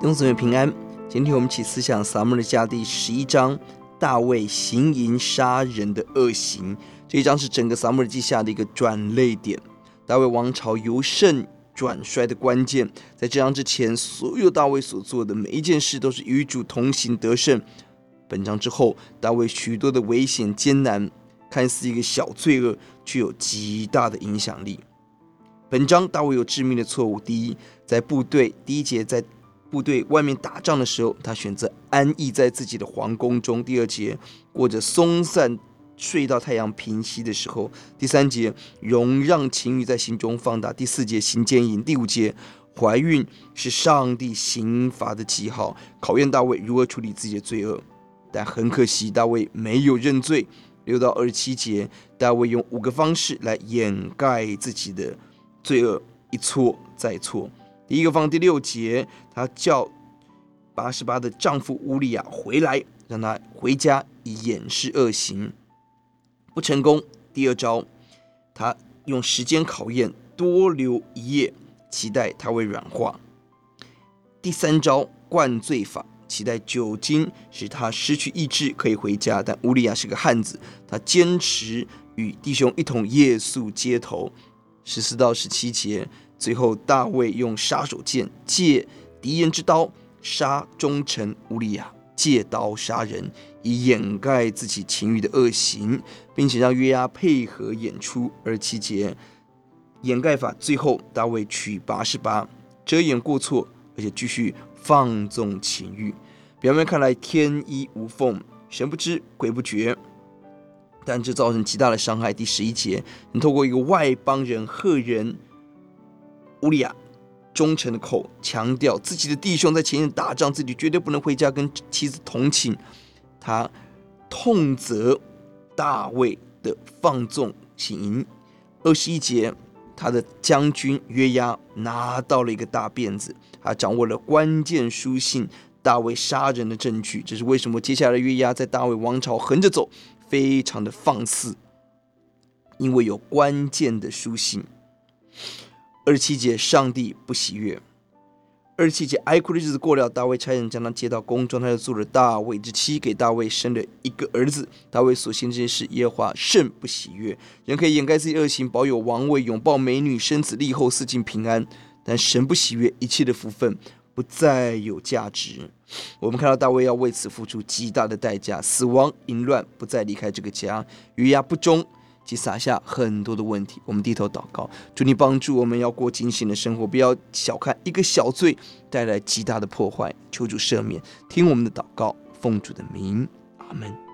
弟兄姊妹平安，今天我們一起思想《撒母耳記下》第十一章大衛行淫殺人的惡行。這一章是整個《撒母耳記下》的一個轉捩點，大衛王朝由盛轉衰的關鍵。在這章之前，所有大衛所做的每一件事都是與主同行得勝；本章之後，大衛許多的危險艱難，看似一個小罪惡，卻有極大的影響力。本章大衛有致命的錯誤：第一，在部隊第一節在。部隊外面打仗的時候，他選擇安逸在自己的皇宮中。第二節過着鬆散，睡到太陽平息的時候。第三節容讓情慾在心中放大。第四節行姦淫。第五節懷孕是上帝刑罰的記號，考驗大衛如何處理自己的罪惡。但很可惜，大衛沒有認罪。六到二十七節，大衛用五個方式來掩蓋自己的罪惡，一錯再錯。第一個方，第六節，他叫拔示巴的丈夫烏利亞回來，讓他回家以掩飾惡行，不成功。第二招，他用時間考驗，多留一夜，期待他會軟化。第三招，灌醉法，期待酒精使他失去意志，可以回家。但烏利亞是個漢子，他堅持與弟兄一同夜宿街頭。十四到十七節。最後，大衛用殺手鐧借敵人之刀殺忠臣烏利亞，借刀殺人，以掩蓋自己情欲的惡行，並且讓約押配合演出。二十七節掩蓋法，最後大衛娶拔示巴，遮掩過錯，而且繼續放縱情欲。表面看來天衣無縫，神不知鬼不覺，但這造成極大的傷害。第十一節，你透過一個外邦人赫人。烏利亞忠臣的口強調自己的弟兄在前線打仗，自己絕對不能回家跟妻子同寢。他痛責大衛的放縱行淫。二十一節，他的將軍約押拿到了一個大辮子，他掌握了關鍵書信，大衛殺人的證據。這是為什麼接下來的約押在大衛王朝橫着走，非常的放肆，因為有關鍵的書信。二十七節，上帝不喜悅。二十七節，哀哭的日子過了，大衛差人將她接到宮中，她就做了大衛之妻，給大衛生了一個兒子。大衛所行這件事，耶和華甚不喜悅。人可以掩蓋自己惡行，保有王位，擁抱美女，生子立後，四境平安；但神不喜悅，一切的福分不再有價值。我們看到大衛要為此付出極大的代價：死亡、淫亂，不再離開這個家，約押不忠。撒下很多的問題，我們低頭禱告。主你幫助我們，要過警醒的生活，不要小看一個小罪帶來極大的破壞，求主赦免，聽我們的禱告，奉主的名，阿門。